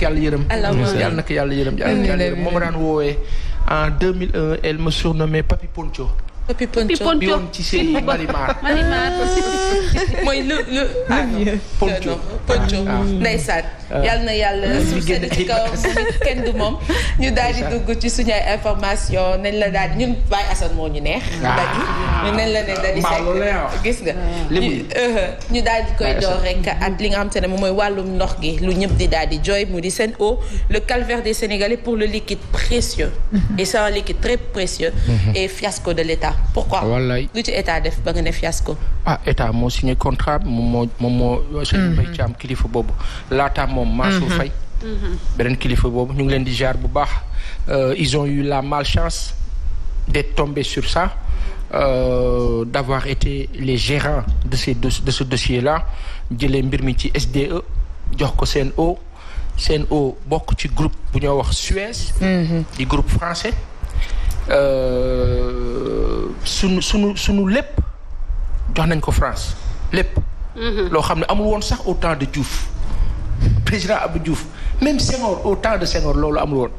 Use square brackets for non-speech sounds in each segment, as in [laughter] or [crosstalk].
ko yàlla yërëm. yàlla na ko yàlla yërëm yàlla na ko yàlla yërëm moom daan woowee en 2001 elle me surnommait Papi Poncho. Papy Poncho bi woon ci série Marimar [laughs] Marimar [laughs] mooy lu lu ah, ah, ah. ah. yàlla na yàlla suuf sedd ci kawam kenn du moom ñu daal di dugg ci suñu information nañ la daal ñun Baye Assane moo ñu neex daji ñu nañ la ne daji sekk gis nga euh, ñu daal di koy door rek ak li nga xam se ne moom mooy wàllum ndox gi lu ñëpp di daal di jooy mu di seen eau le calvaire des Sénégalais pour le liquide précieux mm-hmm. et c'est un liquide très précieux mm-hmm. et fiasco de l'État pourquoi ah, lu ci état def ba nga ne fiasco. ah état moo signé contrat moom moo moom moo. sëñ mhm. Mbaye Thiam kilifa boobu laata moom. Mansour mhm. Faye. Mhm. beneen kilifa boobu ñu ngi leen di jaar bu baax. Euh, ils ont eu la malchance d'être tombés sur ça euh, d'avoir été les gérants de ces de ce dossier là jëlee mbir mi ci SDE jox ko CNO CNO bokk ci groupe bu ñoo wax Suez. di groupe français. Euh, sunu sunu sunu lépp jox nañ ko France lépp. Mhm. loo xam ne amul woon sax au temps de Diouf président abu Diouf même Senghor au temps de Senghor loolu amul woon.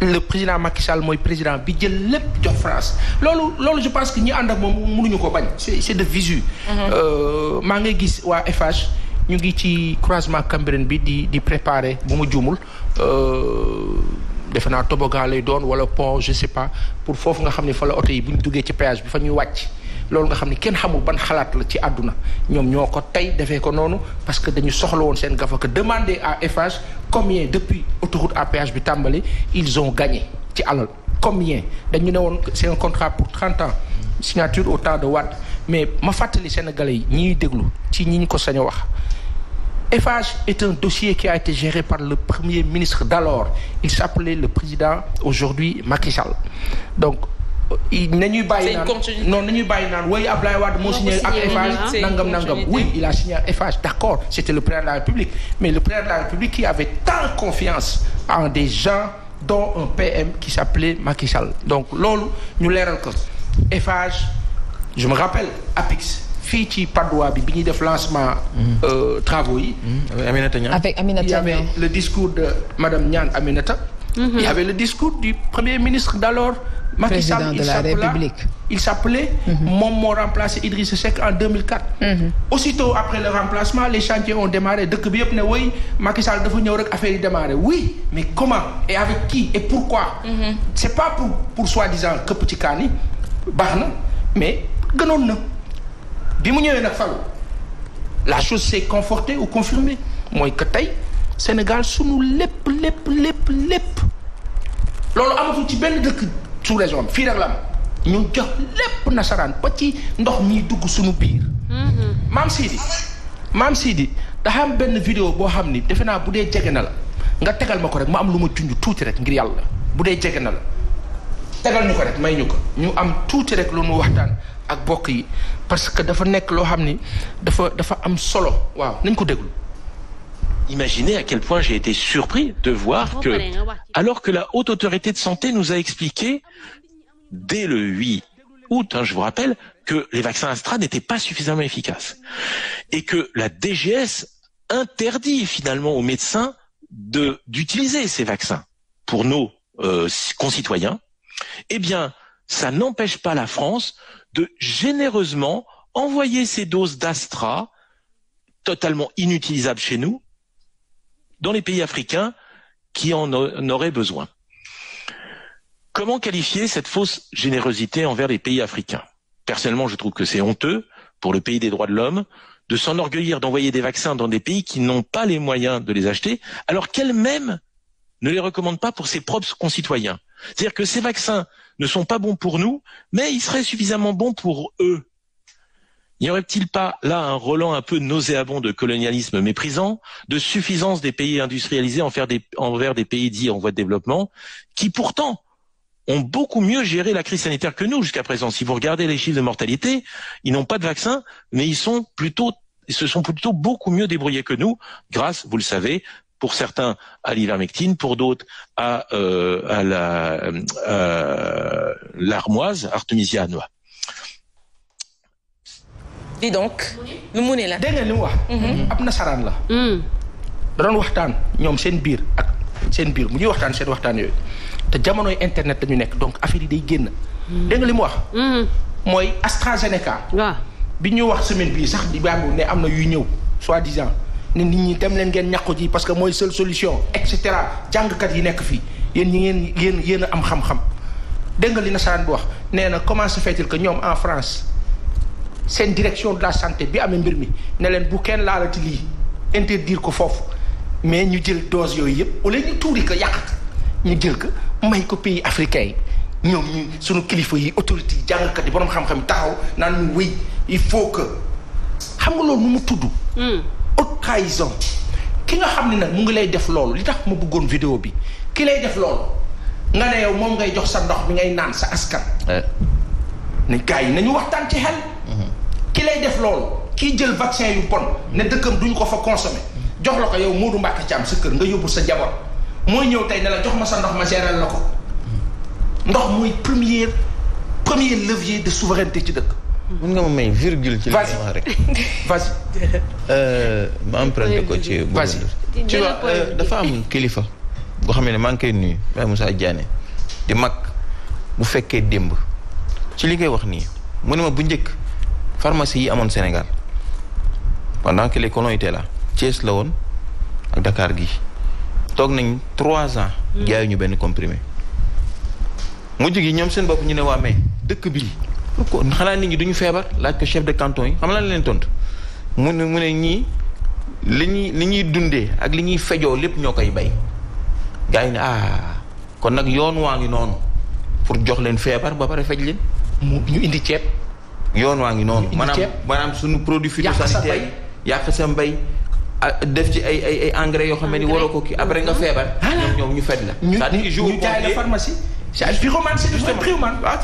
le président Macky Sall mooy président bi jël lépp jox France loolu loolu je pense que ñi ànd ak moom munuñu ko bañ c'est de visu. Mhm. Euh, maa ngay gis waa FH ñu ngi ci croisement Cambérène bi di di préparer bu ma juumul. Euh, defe naa toboggan lay doon wala pont je sais pas pour foofu nga xam ne fa la oto yi bu duggee ci péage bi fa ñuy wàcc loolu nga xam ne kenn xamul ban xalaat la ci àdduna ñoom ñoo ko tey defee ko noonu parce que dañu soxla woon seen gafa ko demander à Eiffage combien depuis autoroute à péage bi tàmbali ils ont gagné ci alal combien dañu ne woon c'est un contrat pour 30 ans signature au temps de Wade mais ma fàttali Sénégalais yi ñii déglu ci ñi ñu ko sañ a wax Eiffage est un dossier qui a été géré par le premier ministre d'alors il s'appelait le président aujourd'hui Macky Sall donc euh, nañuy bàyyi naan non nañuy bàyyi naan woy Ablaye Wade moo signé nangam nangam oui il a signé ak d'accord c'était le président de la République mais le président de la République qui avait tant confiance en des gens dont un PM qui s'appelait Macky donc loolu ñu leeral ko Eiffage je me rappelle fii ci Padoa bi bi ñuy def lancement. Mm-hmm. Euh, travaux yi. Mm-hmm. Aminata Niang avec Aminata le discours de madame Niang Aminata. Mm-hmm. il le discours du premier ministre d'alors. Macky Sall il s'appelait il s'appelait moom moo remplacé Idriss Seck en 2004. aussitôt après le remplacement les chantiers ont démarré dëkk bi yëpp ne woy Macky dafa ñëw rek affaire yi démarré oui mais comment et avec qui et pourquoi. c'est pas pour soi-disant këpp ci kaan yi baax na mais gënoon na. bi mu ñëwee nag falu la chose s'est confortée ou confirmée mooy que tey Sénégal sunu lépp lépp lépp loolu amatul ci benn dëkk sous région fii rek la am ñu jox lépp nasaraan ba ci ndox mi dugg sunu biir. Mm-hmm. maam Sidi maam Sidi dafa am benn video boo xam ni defe naa bu dee jege na la nga tegal ma ko rek ma am lu ma junj tuuti rek ngir yàlla bu dee jege na la tegal ñu ko rek may ñu ko ñu am tuuti rek lu mu waxtaan. ak bokk yi parce que dafa nekk loo xam ni dafa dafa am solo waaw nañ ko déglu Imaginez à quel point j'ai été surpris de voir que, alors que la Haute Autorité de Santé nous a expliqué dès le 8 août, hein, je vous rappelle, que les vaccins Astra n'étaient pas suffisamment efficaces et que la DGS interdit finalement aux médecins de d'utiliser ces vaccins pour nos euh, concitoyens, eh bien, ça n'empêche pas la France de généreusement envoyer ces doses d'Astra, totalement inutilisables chez nous, dans les pays africains qui en, en auraient besoin. Comment qualifier cette fausse générosité envers les pays africains Personnellement, je trouve que c'est honteux pour le pays des droits de l'homme de s'enorgueillir d'envoyer des vaccins dans des pays qui n'ont pas les moyens de les acheter, alors qu'elle-même ne les recommande pas pour ses propres concitoyens. C'est-à-dire que ces vaccins ne sont pas bons pour nous, mais ils seraient suffisamment bons pour eux. N'y aurait-il pas là un relent un peu nauséabond de colonialisme méprisant, de suffisance des pays industrialisés envers des pays dits en voie de développement, qui pourtant ont beaucoup mieux géré la crise sanitaire que nous jusqu'à présent. Si vous regardez les chiffres de mortalité, ils n'ont pas de vaccin, mais ils se sont plutôt beaucoup mieux pour certains à l'ivermectine, pour d'autres à, euh, à l'armoise, la, euh, Artemisia donc. lu mu ne mu wax. Mhm. ab nasaraan la. da mm. doon waxtaan ñoom seen biir ak seen biir bu ñuy waxtaan seen waxtaan yooyu te jamonoy internet la ñu nekk donc affaire yi day génn. Mm. dégg nga mu wax. Mm. mooy AstraZeneca. waaw bi ñu wax semaine bii sax di baamu ne am na yuy ñëw soi ne nit ñi dem leen ngeen ñàqu ji parce que mooy seule solution et cetera jàngkat yi nekk fii yéen ñi ngeen yéen yéen am xam-xam dégg nga li nasaraan bi wax nee na comment se fait-il que ñoom en France seen direction de la santé bi amee mbir mi ne leen bu kenn laalati lii interdire ko foofu mais ñu jël dose yooyu yëpp au lieu ñu tuuri ko yàq ñu jël ko may ko pays africain yi ñoom ñu sunu kilifa yi autorités yi jàngkat yi borom xam-xam taxaw naan ñu wéy il faut que xam nga loolu mu tudd. Hmm. haute trahison ki nga xam ne nag mu ngi lay def loolu li tax ma bëggoon vidéo bi ki lay def loolu nga ne yow moom ngay jox sa ndox mi ngay naan sa askan. Eh. ne gars yi nañu waxtaan ci xel. Mhm. ki lay def loolu kii jël vaccin yu bon ne dëkkam duñu ko fa consommer jox la ko yow Modou ci am sa kër nga yóbbu sa jabar mooy ñëw tey ne la jox ma sa ndox ma gérer la ko mhm. ndox mooy première premier levier de souveraineté ci dëkk. mun nga ma may virgule ci li nga rek. [laughs] vas euh, ma emprunté euh, dafa am kilifa. boo xam ne maa ngi koy nuyu Baye Moussa Diané di mag bu fekkee démb ci li ngay wax nii mu ne ma bu njëkk pharmacie yi amoon Sénégal pendant que les colons étaient là la woon ak Dakar gi toog nañ trois ans. Hmm. ñu benn comprimé. mujj gi ñoom seen bopp ñu ne waa mais dëkk bii. pourquoi xanaa nit ñi duñu feebar laaj ko chef de canton yi xam lan leen tontu mu ne mu ne ñii li ñuy li ñuy dundee ak li ñuy fejoo lépp ñoo koy bay gars yi ne ah kon nag yoon waa ngi noonu pour jox leen feebar ba pare fej leen. mu ñu indi ceeb. yoon waa ngi noonu. maanaam maanaam suñu produit phytosanitaire yi yàq sa mbay def ci ay ay ay engrais yoo xam ne ni waroo ko ki après nga feebar. ñoom ñu fej la. ñu ñu jaay la pharmacie. c'est un pyromane c'est un pyromane ah,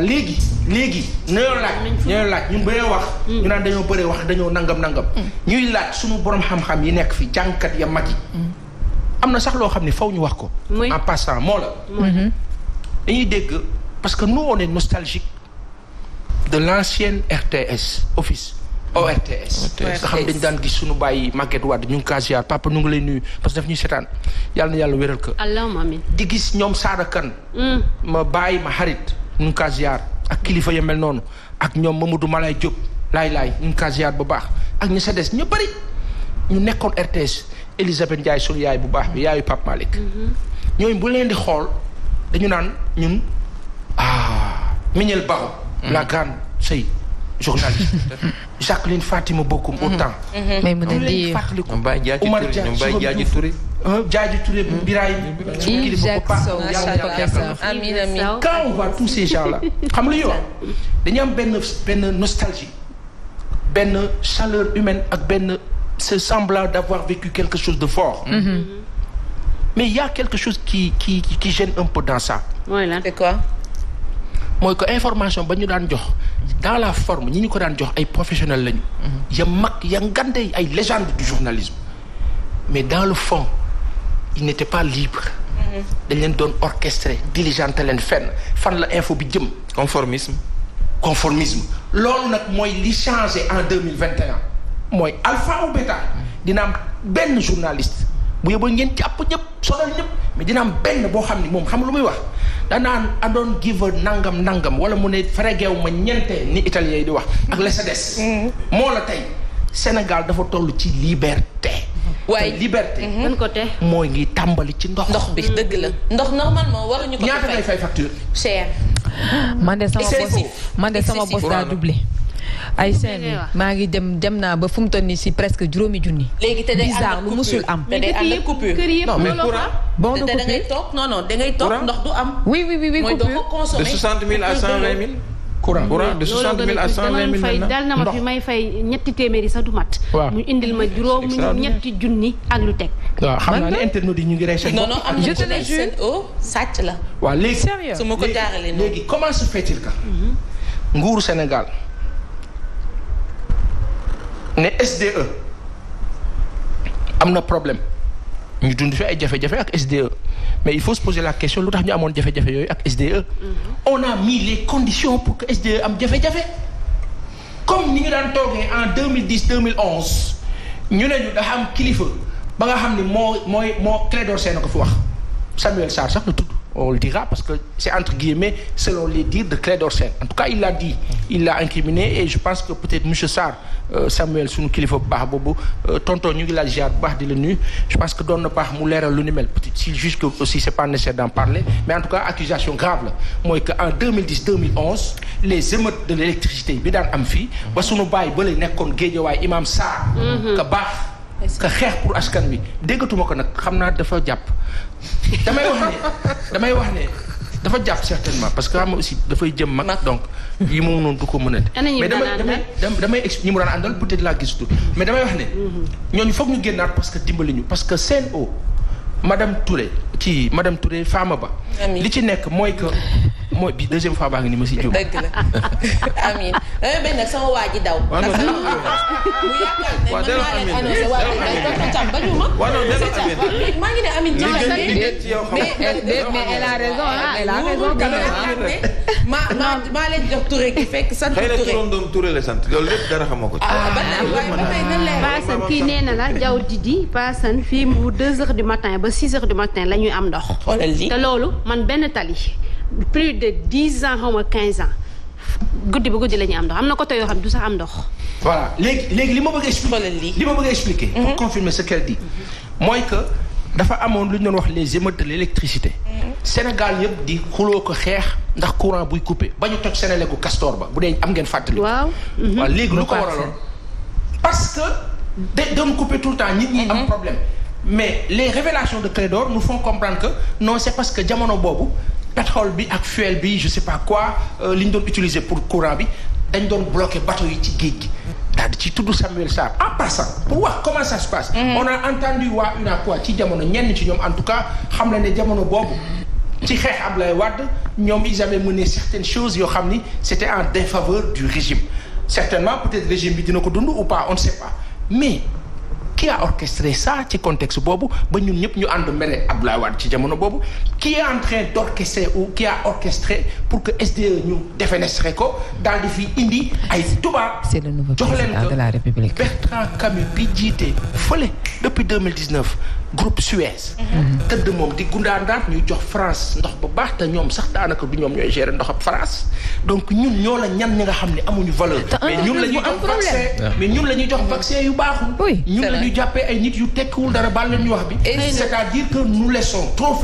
léegi léegi ñoo laaj ñoo laaj ñun bëree wax ñu naan dañoo bëree wax dañoo nangam nangam ñuy laaj suñu borom xam-xam yi nekk fi jàngkat ya mag yi am na sax loo xam ne faw ñu wax ko en passant moo la mhm. dañuy dégg parce que nous on est nostalgique de l'ancienne RTS office ORTS nga xam dañ daan gis suñu bàyyi Maguette Wade ñu ngi kasiyaar papa ñu ngi lay nuyu parce que daf ñuy seetaan yàlla na yàlla wéral ko allahumma amiin di gis ñoom saada kan mm. ma bàyyi ma xarit ñu ngi ak kilifa ya mel noonu ak ñoom Mamadou Malaye Diop laay lay lay ngi kasiyaar bu baax ak ñu sa des ñu bari ñu nekkoon RTS Elisabeth Ndiaye suñu yaay bu baax bi yaayu Pape Malick mm-hmm. ñooñu bu leen di xool dañu naan ñun ah Mignel Barro mm. la sëy journaliste [laughs] Jacqueline Fatima Bokoum autant. Mhm. mais mën na di Umar Dia Jaaju Touré. Jaaju Touré mhm. Biraye. kii mhm. Jacques Sow amiin amiin quand on voit tous ces gens là xam nga lu ñuy wax dañu am benn benn nostalgie benn chaleur humaine ak benn ce semblant d'avoir vécu quelque chose de fort. mais il y a quelque chose qui qui qui gêne un peu dans ça. voilà c'est quoi. mooy que information ba ñu daan jox dans la forme ñi ñu ko daan jox ay professionnels lañu. ya mag ya ngande ay légendes du journalisme mais dans le fond il n'était pas libre. Mm-hmm. dañ leen doon orchestré diligenté leen fenn fan la info bi jëm. conformisme. conformisme loolu nag mooy li changé en deux mille vingt et mooy alpha ou bêta mm-hmm. dina am benn journaliste bu yóbboo ngeen jàpp ñëpp sonal ñëpp mais dina am benn boo xam ni moom xam lu muy wax. danaan andoon give nangam nangam wala mu ne fregew ma ñente ni italien yi di wax ak la sa des mm. Mm. moo la tey Sénégal dafa toll ci liberté mm-hmm. waaye liberté mën mm-hmm. ko mooy ngi tàmbali ci ndox ndox bi mm. dëgg la ndox normalement waruñu ko ñaata ngay fay facture cher man de sama bos man de sama bos daa doublé ay cinq maa ngi dem dem naa ba fu mu toll nii si presque juróomi junni. léegi te day bizarre lu musul am. te day ànd ak coupure kër yëpp courant. bon de coupure da ngay toog non non am. oui oui oui coupure mooy doo ko consommer de de 60 na ma fi fay ñetti téeméeri sax du mat. waaw mu indil ma juróom ñetti junni ak lu teg. waaw xam naa ne internet ñu ngi rey seen bopp. non non am na ci ay seen oh, la. waaw su ma ko jaaralee léegi comment se fait-il que mhm. Sénégal ne SDE am na problème ñu dund fi ay jafe-jafe ak SDE mais il faut se poser la question lu tax ñu amoon jafe-jafe yooyu ak SDE. Mhm. on a mii les conditions pour que SDE am jafe-jafe. comme ni ngi daan toogee en deux 2010 2011 ñu ne ñu dafa am kilifa ba nga xam ne moo mooy moo Clédor Sène ko fu wax Samuel Sarr sax la tudd. on le dira parce que c'est entre guillemets selon les dires de Clédor en tout cas il l'a dit il l'a incriminé et je pense que peut-être monsieur Sarr euh, Samuel suñu kilifa bu baax boobu euh, tonton ñu ngi laaj baax di la nuyu je pense que doon baax mu leeral lu ni mel peut-être s'il juge que aussi c'est pas nécessaire d'en parler mais en tout cas accusation grave la mooy que en les émeutes de l'électricité bi daan am fii ba suñu bàyyi ba lay nekkoon géejawaay imam Sarr ka mm-hmm. baax ka xeex pour askan wi déggatuma ko nag xam naa dafa jàpp damay wax ne damay wax ne dafa jàpp certainement parce que am aussi dafay jëm mag donc yi moom noonu du ko mën a mais damay damay damay ex ñi mu daan àndal peut laa gistu mais damay wax ne mhm. ñooñu foog ñu génnaat parce que dimbali ñu parce que seen o madame Touré ci madame Touré Fama Ba li ci nekk mooy que mooy bi deuxième fois baa ni ma si juum. dëgg la [laughs] amiin damay bañ nag sama waa ji ngi ne amiin a a raison ma leen jox Touré ki fekk sant Touré. xëy na doom Touré la sant loolu lépp dara xamoo ko ci. ah Paasan kii nee na la jaww ji di Paasan fii mu 2 heures du matin ba 6 heures du matin la ñuy am ndox. te loolu man benn tali. plus de dix ans xaw guddi ba guddi la ñuy am ndox am na côté yoo xam du sa am ndox. voilà léegi léegi li ma bëgg expliquer li ma bëgg expliquer. pour mhm. confirmer ce qu'elle dit. mooy que dafa amoon lu ñu doon wax les émeutes de l'électricité. Mhm. Sénégal yëpp di xuloo ko xeex ndax courant buy coupé ba ñu toj Senelec Castor ba bu dee am ngeen fàttali. waaw mhm. waaw léegi lu ko waraloon. parce que de dem coupé tout le temps nit ñi am problème. mais les révélations de Clédor nous font comprendre que non c'est parce que jamono boobu. pétrole bi ak fuel bi je sais pas quoi euh, li doon utiliser pour courant bi dañ doon bloquer bateau yi ci géej gi. daal di ci tudd Samuel Sarr en passant pour wax comment ça se passe. Mhm. on a entendu waa UNACOIS ci jamono ñenn ci ñoom en tout cas xam na ne jamono boobu. ci xeex Ablaye Wade ñoom ils avaient mené certaines choses yoo xam ni c'était en défaveur du régime certainement peut-être régime bi dina ko dund ou pas on ne sait pas mais. qui a orchestré ça ci contexte boobu ba ñun ñëpp ñu ànd mere la Wade ci jamono boobu qui est en train d'orchestrer ou qui a orchestré pour que SDE ñu défenestré ko daal di fi indi ay tubaab. c'est le nouveau président de la République jox leen que Bertrand Camus bi jiite fële depuis 2019 groupe Suez. Mhm. tëdd moom di gundaandaat ñuy jox France ndox bu baax te ñoom sax daanaka du ñoom ñooy gérer ndox ab France donc ñun ñoo la ñan ñi nga xam ne amuñu valeur. mais ñun la ñuy jox vaccin mais ñun la ñuy jox vaccin yu baaxul. oui ñun la jàppee ay nit yu tekkiwul dara baal leen ñu wax bi. c'est-à-dire que nous laissons trop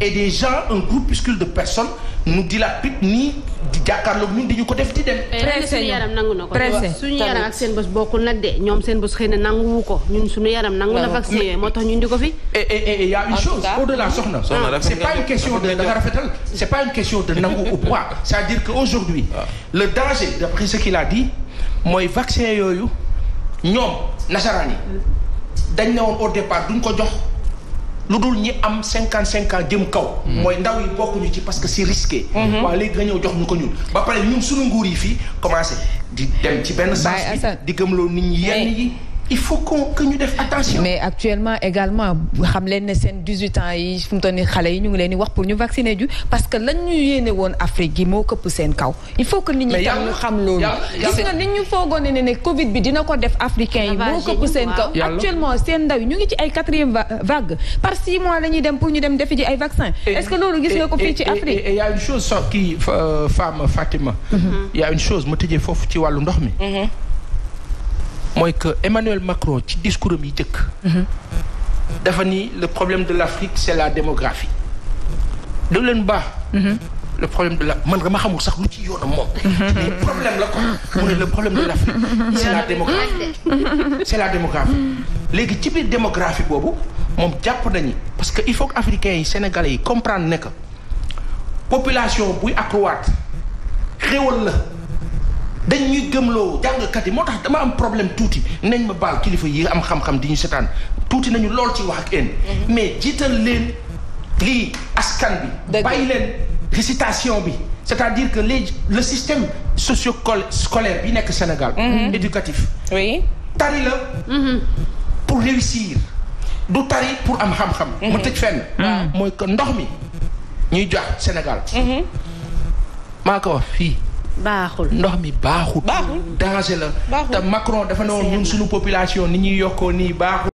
et des gens un groupuscule de personnes nu dilapitent nii di jàkkaarloog ñun dañu ko def di dem. Eh, pressé suñu yaram nangu na ko. pressé suñu yaram ak seen bës bokkul ñoom seen bës xëy na ko ñun suñu yaram nangu na vaccin yooyu moo tax ñu indi ko fi. et et et y a une chose au-delà soxna. c'est pas le danger d'après ce qu'il a dit yooyu ñoom nasaraan yi dañ ne woon au départ duñ ko jox. lu dul ñi am cinquante cinq jëm kaw. Mm-hmm. mooy ndaw yi bokkuñu ci parce que c'est risqué. Mm-hmm. waaw léegi nga ñëw jox ñu ko ñun. ba pare ñun suñu nguur yi fii commencé di dem ci benn saa bi di gëmloo nit ñi yenn yi. il faut qu'on que ñu def attention. mais actuellement également xam leen ne seen 18 ans yi fu mu xale yi ñu ngi leen di wax pour ñu vacciner ju parce que lañ ñu yéene woon Afrique gi moo këpp seen kaw. il faut xam loolu. gis nga nit ne ne Covid bi dina ko def africain yi moo këpp seen kaw. actuellement seen ndaw yi ñu ngi ci ay quatrième vague par six mois dem pour ñu dem defi ji ay vaccin est que loolu gis nga ko fii ci Afrique. et a une chose kii euh, femme Fatima. Mhm. y a une chose mu tëjee foofu ci wàllu ndox mi. Mhm. mooy que Emmanuel Macron ci discours am yi jëkk dafa ni le problème de l'Afrique c'est la démographie daf leen baax le problème de la man nga ma xamul sax lu ci yoonam moom mais problème la ko de l'Afrique c'est la démographie c'est la démographie léegi ci biir démographie boobu moom jàpp nañu parce que il faut que yi sénégalais yi comprendre ne que population buy accroître xéwal la dañ ñuy gëmloo jàngkat yi moo tax dama am problème tuuti nañ ma baal kilifa yi am xam-xam di ñu setaan tuuti nañu lool ci wax ak een mhm. mais jiital leen lii askan bi bàyyi leen récitation bi c'est-à-dire que les le système socio-scolaire bi nekk Sénégal mhm. éducatif oui tari la mhm. pour réussir du tari pour am xam-xam ma tëj fenn mooy que ndox mi ñuy jox Sénégal maa ko fii baaxul ndox mi baaxul. baaxul danger la. te Macron dafa ne woon ñun suñu population ni ñuy yokkoo nii baaxul.